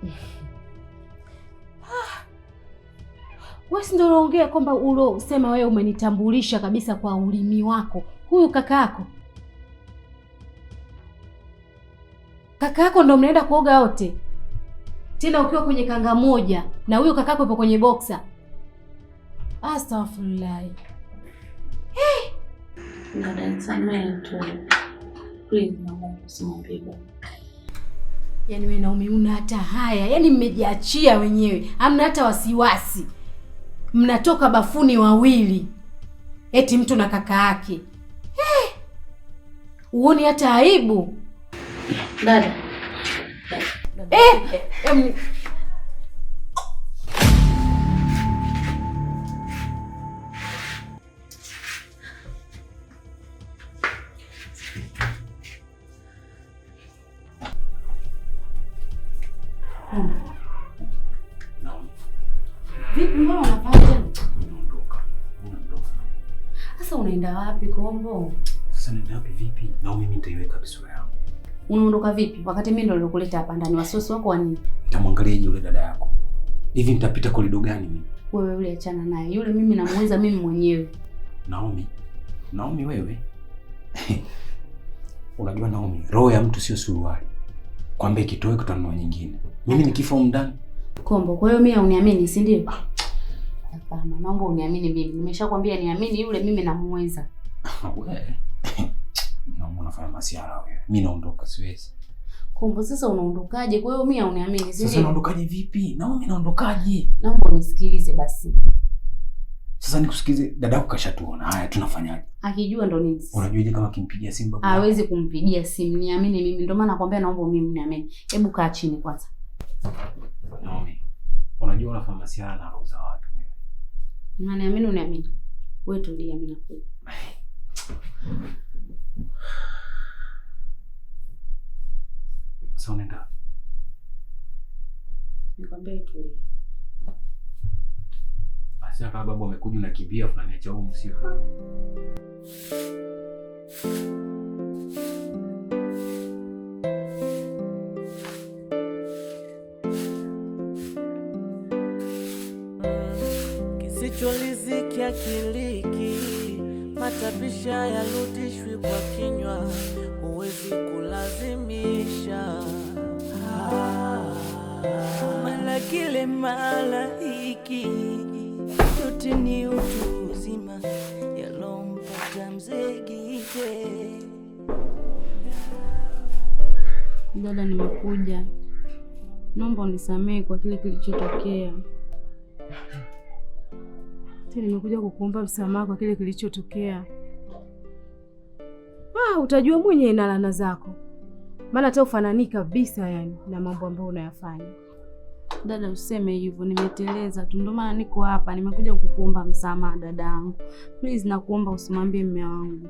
Wewe si ndio unaongea kwamba sema wewe umenitambulisha kabisa kwa ulimi wako huyu kaka yako? Kaka yako ndo mnaenda kuoga wote, tena ukiwa kwenye kanga moja, na huyo kaka yako yupo kwenye boksa. Astaghfirullah. Hey! yani wewe Naomi una hata haya, yani mmejiachia wenyewe, hamna hata wasiwasi. Mnatoka bafuni wawili, eti mtu na kaka yake. eh, Uoni hata aibu dada? Eh, eh, Sasa unaenda wapi Kombo? Sasa naenda wapi vipi? Na mimi nitaiweka bisura yangu. Unaondoka vipi wakati mimi ndo nilikuleta hapa ndani? Wasiwasi wako wa nini? Nitamwangaliaje yule dada yako? Hivi nitapita korido gani mimi? Wewe yule achana naye. Yule mimi namuweza mimi mwenyewe. Naomi. Naomi wewe. Unajua Naomi, roho ya mtu sio suruali. Kwamba kitoe kutanua nyingine. Mimi nikifa umdani. Kombo, kwa hiyo mimi uniamini, si ndio? Ah, Hapana, naomba uniamini mimi. Nimeshakwambia niamini yule, mimi namuweza. Wewe. Naomba unafanya masiara wewe. Mimi naondoka siwezi. Kumbe sasa unaondokaje? Kwa hiyo mimi hauniamini, si? Sasa unaondokaje vipi? Na mimi naondokaje? Naomba unisikilize basi. Sasa nikusikize, dadako kashatuona. Haya, tunafanyaje? Akijua ndo nini? Unajuaje kama kimpigia simu babu? Hawezi kumpigia simu, niamini mimi. Ndio maana nakwambia, naomba mimi niamini. Hebu kaa chini kwanza. Naomi, unajua unafanya masiara na roho za watu. Unaniamini, uniamini. Wewe tulia, mimi nakuja. Sasa unaenda. Nikwambia tulia. Basi hapa babu amekuja, unakimbia fulani acha huko msio. ya kiliki, matapisha yarudishwi kwa kinywa, huwezi kulazimisha mala kile mala hiki, yote ni utu uzima yalompata mzee Gite. Dada, nimekuja, naomba unisamehe kwa kile kilichotokea nimekuja kukuomba msamaha kwa kile kilichotokea. Ah, utajua mwenyewe na laana zako, maana hata ufanani kabisa yani na mambo ambayo unayafanya. Dada, useme hivyo, nimeteleza tu, ndio maana niko hapa, nimekuja kukuomba msamaha dada Please nakuomba usimwambie mume wangu.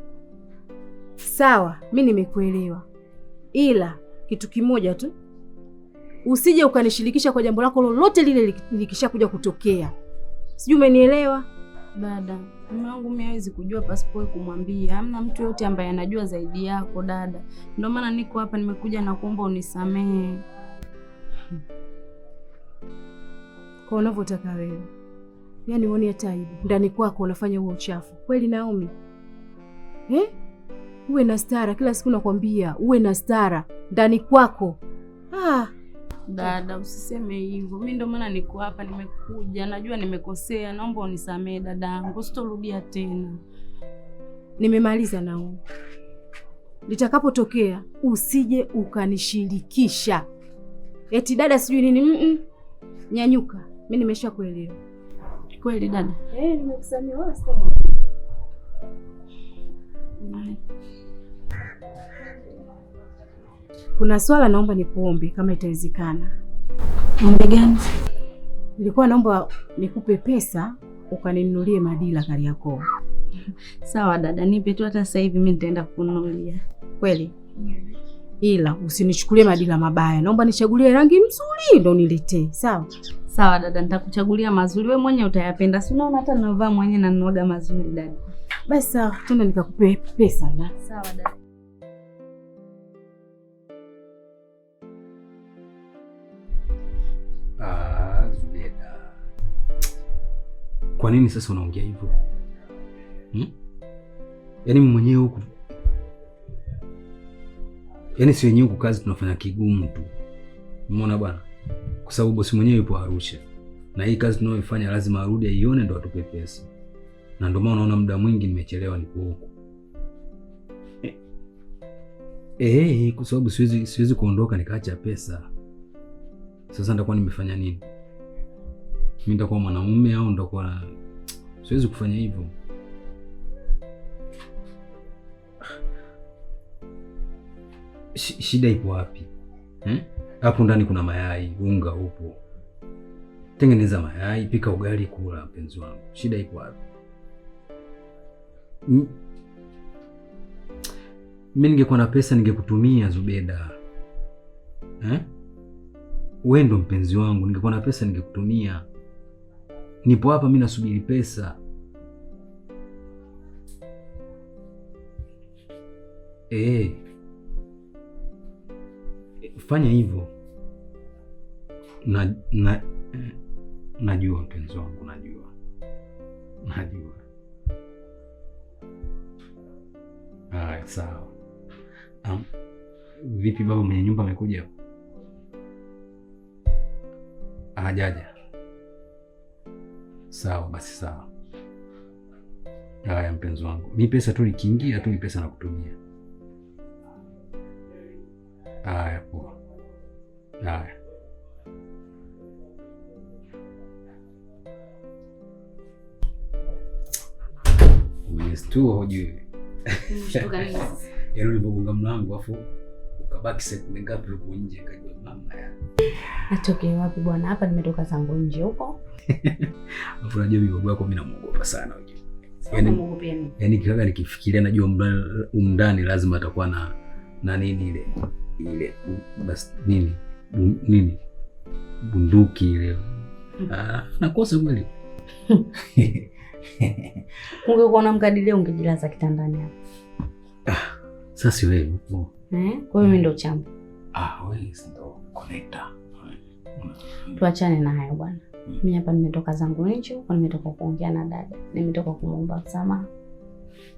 Sawa, mi nimekuelewa, ila kitu kimoja tu, usije ukanishirikisha kwa jambo lako lolote lile likishakuja kutokea sijui umenielewa dada. Mume wangu mimi hawezi kujua pasipo kumwambia, hamna mtu yote ambaye anajua zaidi yako dada. Ndio maana niko hapa, nimekuja na kuomba unisamehe hmm. kwa unavyotaka wewe. Yaani uone hata aibu ndani kwako, unafanya huo uchafu kweli, Naomi eh? Uwe na stara, kila siku nakwambia uwe na stara ndani kwako ah. Dada, usiseme hivyo. Mimi ndio maana niko hapa, nimekuja. Najua nimekosea, naomba unisamehe dadangu, sitorudia tena. Nimemaliza nao litakapotokea usije ukanishirikisha eti dada sijui nini. mm -mm. Nyanyuka, mimi nimesha kuelewa kweli dada. Eh, nimekusamehe wewe sasa. kuna swala naomba nikuombe kama itawezekana. Ombi gani? Nilikuwa naomba nikupe pesa ukaninunulie madila Kariakoo. Sawa dada, nipe tu hata sasa hivi, mimi nitaenda kununulia kweli, ila usinichukulie madila mabaya. Naomba nichagulie rangi mzuri ndo niletee. Sawa sawa dada, nitakuchagulia mazuri, wewe mwenye utayapenda. Si unaona hata ninavaa mwenye ninoga mazuri dada. Basi sawa, tena nikakupe pesa na. Sawa dada. Kwa nini sasa unaongea hivyo hmm? Yaani mwenyewe huku, yaani si wenyewe huku kazi tunafanya kigumu tu, umeona bwana, kwa sababu bosi mwenyewe yupo Arusha na hii kazi tunayoifanya lazima arudi aione ndo atupe pesa, na ndio maana unaona muda mwingi nimechelewa, niko huku eh, eh, kwa sababu siwezi siwezi kuondoka nikaacha pesa. Sasa nitakuwa nimefanya nini? mimi nitakuwa mwanamume au nitakuwa, siwezi kufanya hivyo. Shida ipo wapi eh? hapo eh? Ndani kuna mayai, unga upo, tengeneza mayai, pika ugali, kula mpenzi wangu. Shida ipo wapi? Mi ningekuwa na pesa ningekutumia Zubeda eh? Wewe ndo mpenzi wangu, ningekuwa na pesa ningekutumia nipo hapa mi nasubiri pesa e. Fanya hivyo na, na, najua mpenzi wangu, najua najua. aya sawa. Um, vipi baba mwenye nyumba amekuja? Hajaja? Ah, Sawa basi, sawa. Haya mpenzi wangu, mi pesa tu nikiingia tu ni pesa nakutumia. Haya poa. Haya umeshtua hujui yaani ulipogonga mlango afu ukabaki sekunde ngapi huko nje? Kajua mama ya wapi bwana, hapa nimetoka zangu nje huko Alafu najua bibi yako mimi namuogopa sana unajua. Yaani yaani kikaga nikifikiria najua umndani lazima atakuwa na na nini ile ile bas nini bu, nini bunduki ile. Hmm. Ah, nakosa kweli. Ungekuwa na mkadilio ungejilaza kitandani hapo. Ah, sasa si wewe oh. Eh, kwa hiyo mimi hmm. ndo chamba. Ah, wewe ndo connector. Tuachane na hayo bwana. Mimi hapa nimetoka zangu nje huko, nimetoka kuongea na dada, nimetoka kumwomba msamaha,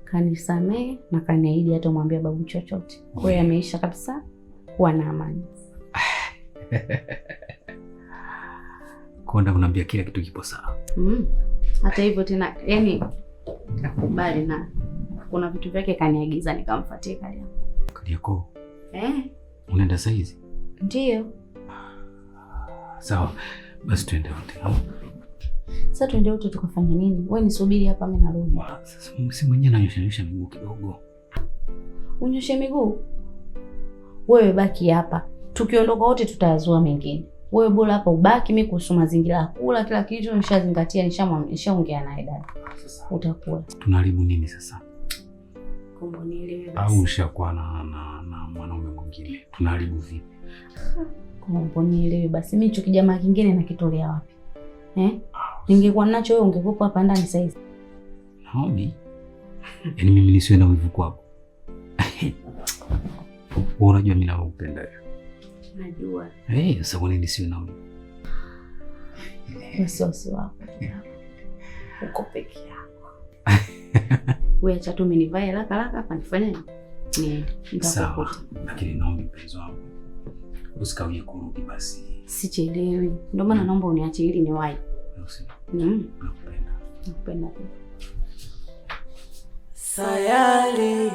kanisamee na kaniahidi hata mwambia babu chochote. Kwa hiyo ameisha kabisa kuwa na amani kwenda kunaambia kila kitu kipo sawa. Mm. Hata hivyo tena, yani nakubali, na kuna vitu vyake kaniagiza nikamfuatia kali Kariako. Eh, unaenda saizi? Ndio. Sawa. Basi tuende wote. Sasa tuende wote tukafanya nini? Wewe nisubiri hapa mimi narudi. Sasa si mwenyewe nanyosha nyosha miguu kidogo. Unyoshe miguu? Wewe baki hapa. Tukiondoka wote tutayazua mengine. Wewe bora hapa ubaki, mimi kuhusu mazingira ya kula kila kitu nishazingatia, nishaongea naye dada. Utakula. tunaribu nini sasa? Au ushakuwa na na mwanaume mwingine? tunaribu vipi? kombo, basi. Mimi chuki jamaa kingine nakitolea wapi eh? Ningekuwa nacho wewe ungekupa hapa ndani sasa hivi. Naomi, yaani mimi nisiwe na wivu kwako. Unajua mimi nakupenda wewe. Najua. Eh, sasa kwa nini nisiwe na wivu? Wasiwasi wako uko peke yako. Wewe acha tu mimi nivae haraka haraka hapa nifanyaje? Niende. Sawa. Lakini naomba mpenzi wangu usikawie kurudi basi. Sichelewi, ndio maana mm. naomba uniache ili niwahi. Mm. Nakupenda. Nakupenda pia. Sayari,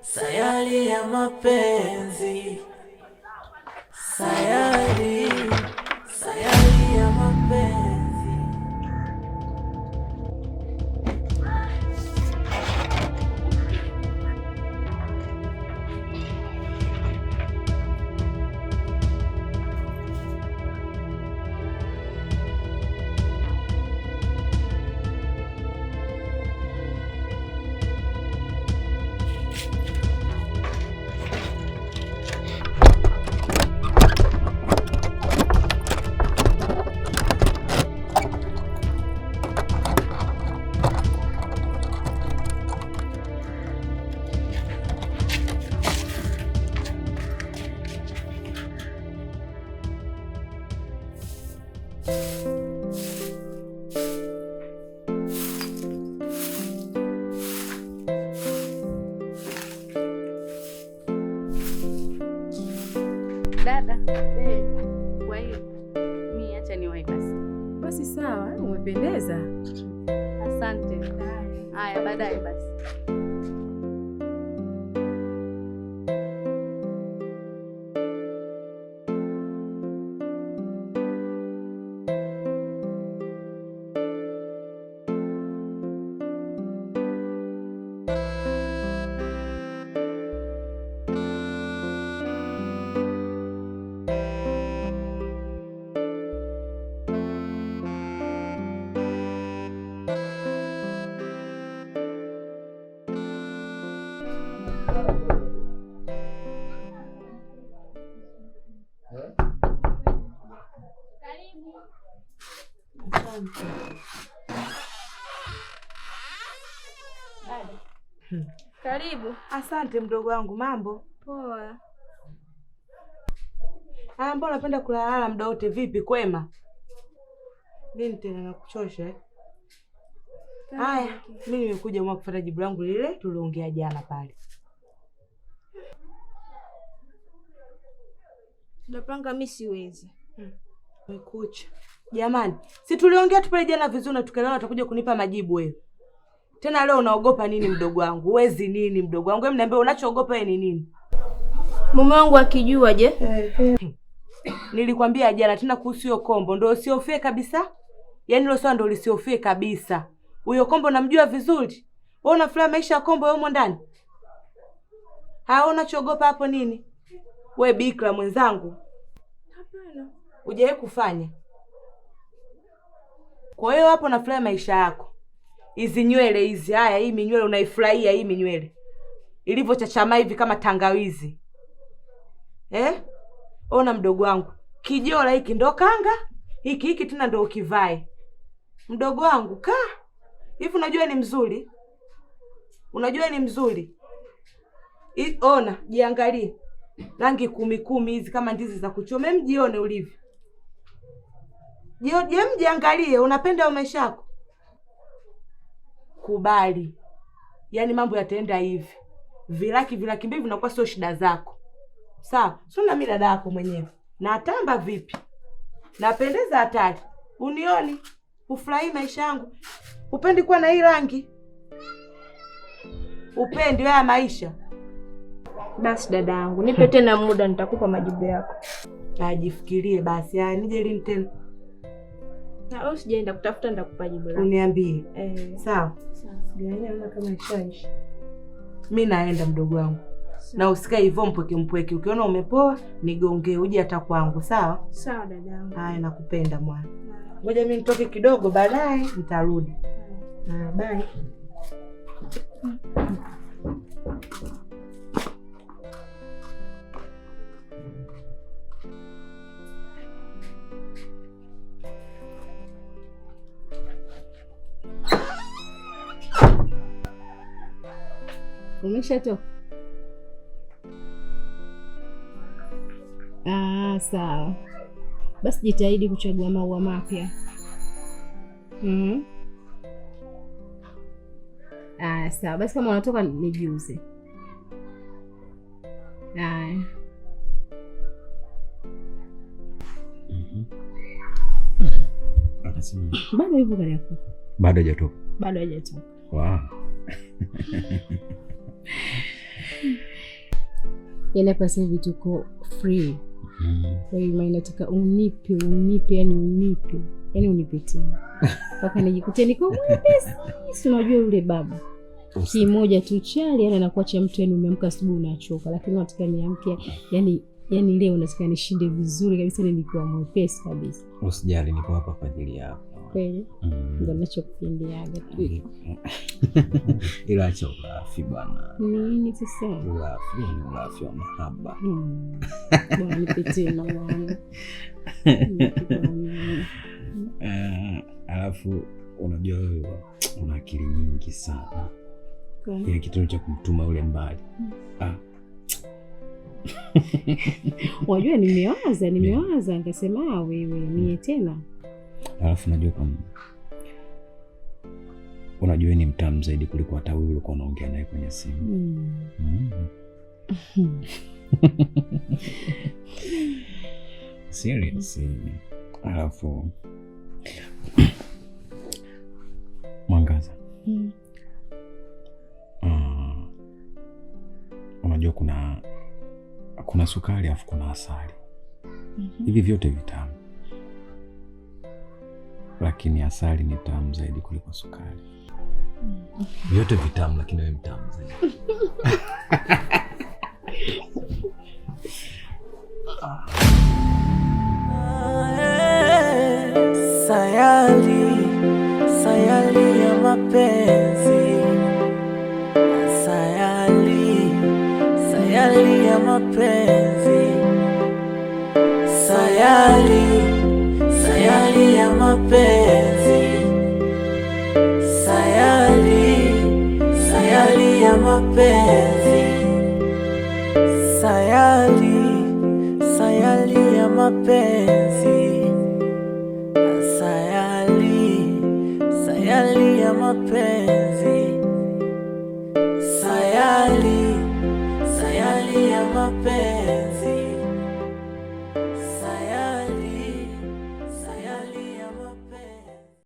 sayari ya mapenzi. Sayali. Sayali. Música Karibu. Asante mdogo wangu, mambo poa. Ah, mbona unapenda kulalala muda wote? Vipi, kwema? Nini tena nakuchosha eh? Haya, mimi nimekuja mwa kufuata jibu langu lile tuliongea jana pale. Napanga mimi siwezi. Hmm. Mekucha. Jamani, si tuliongea tu pale jana vizuri na tukaelewana, utakuja kunipa majibu wewe. Tena leo unaogopa nini mdogo wangu? Wezi nini mdogo wangu? Wewe mniambia unachoogopa wewe ni nini? Mume wangu akijua je? Eh. Nilikwambia jana tena kuhusu hiyo kombo, ndio usiofie kabisa. Yaani hilo swala ndio lisiofie kabisa. Huyo kombo namjua vizuri. Wewe unafurahia maisha ya kombo wewe ndani? Haona chogopa hapo nini? We bikra mwenzangu. Hapana. Hujawahi kufanya. Kwa hiyo hapo nafurahi maisha yako, hizi nywele hizi, haya, hii minywele unaifurahia hii minywele ilivyochachama hivi kama tangawizi eh? Ona mdogo wangu, kijola hiki ndo kanga hiki hiki tena ndo ukivae mdogo wangu, ka hivi. Unajua ni mzuri, unajua ni mzuri. I, ona jiangalie, rangi kumi kumi hizi kama ndizi za kuchoma, mjione ulivyo. Je, mjiangalie, unapenda maisha yako, kubali. Yaani mambo yataenda hivi, vilaki vilaki mbivi vinakuwa sio shida zako, sawa? Si na mimi dada yako mwenyewe, natamba vipi, napendeza hatari, unioni, ufurahii maisha yangu. Upendi kuwa na hii rangi, upendi wewe maisha. Basi dada yangu, nipe tena muda, nitakupa majibu yako. Ajifikirie basi, nije yaani lini tena Sawa, sijaenda kutafuta, ndakupa jibu lako. Uniambie. Eh. Sawa. Sawa. Kama ishaishi. Mimi naenda mdogo wangu. Na usikae hivyo mpweke mpweke. Ukiona umepoa, nigongee uje hata kwangu, sawa? Sawa dadangu. Haya, nakupenda mwana. Ngoja mimi nitoke kidogo baadaye nitarudi. Bye. Mm. Umeshatoka? Ah, sawa. Basi jitahidi kuchagua maua mapya. Mm. Ah, sawa. Basi kama unatoka nijuze. Haya. Mhm. Bado yupo karibu. Bado hajatoka. Bado hajatoka. Wow. yani hapa sasa hivi tuko free. Mm-hmm. Kwa hiyo inataka unipe unipe, yani unipe, yani unipitie mpaka nijikute niko mwepesi. Si unajua yule baba kimoja tu chali, yani anakuwa cha mtu, yani umeamka asubuhi unachoka, lakini nataka niamke, yani yani leo nataka nishinde vizuri kabisa, yaani nikiwa mwepesi kabisa. Usijali, niko hapa kwa ajili yako kweli mm. ndo nachokupindiaga mm. ila acha ulafi bwana. Nini sasa? Ulafi ni yaani ulafi wa mahaba. Mm. Bwana Alafu unajua wewe una akili nyingi sana. Ile yaani kitendo cha kumtuma yule mbali. Wajua ah. nimewaza, nimewaza nikasema ah, wewe mie tena Alafu najua kwa unajua ni mtamu zaidi kuliko hata wewe ulikuwa unaongea naye kwenye simu. Mm. Mm. Alafu Mwangaza. Mm. Uh, unajua kuna kuna sukari alafu kuna asali. Mm -hmm. Hivi vyote vitamu lakini asali ni tamu zaidi kuliko sukari. Hmm, Vyote vitamu, lakini wewe mtamu zaidi. Eh, sayali, sayali ya mapenzi mapenzi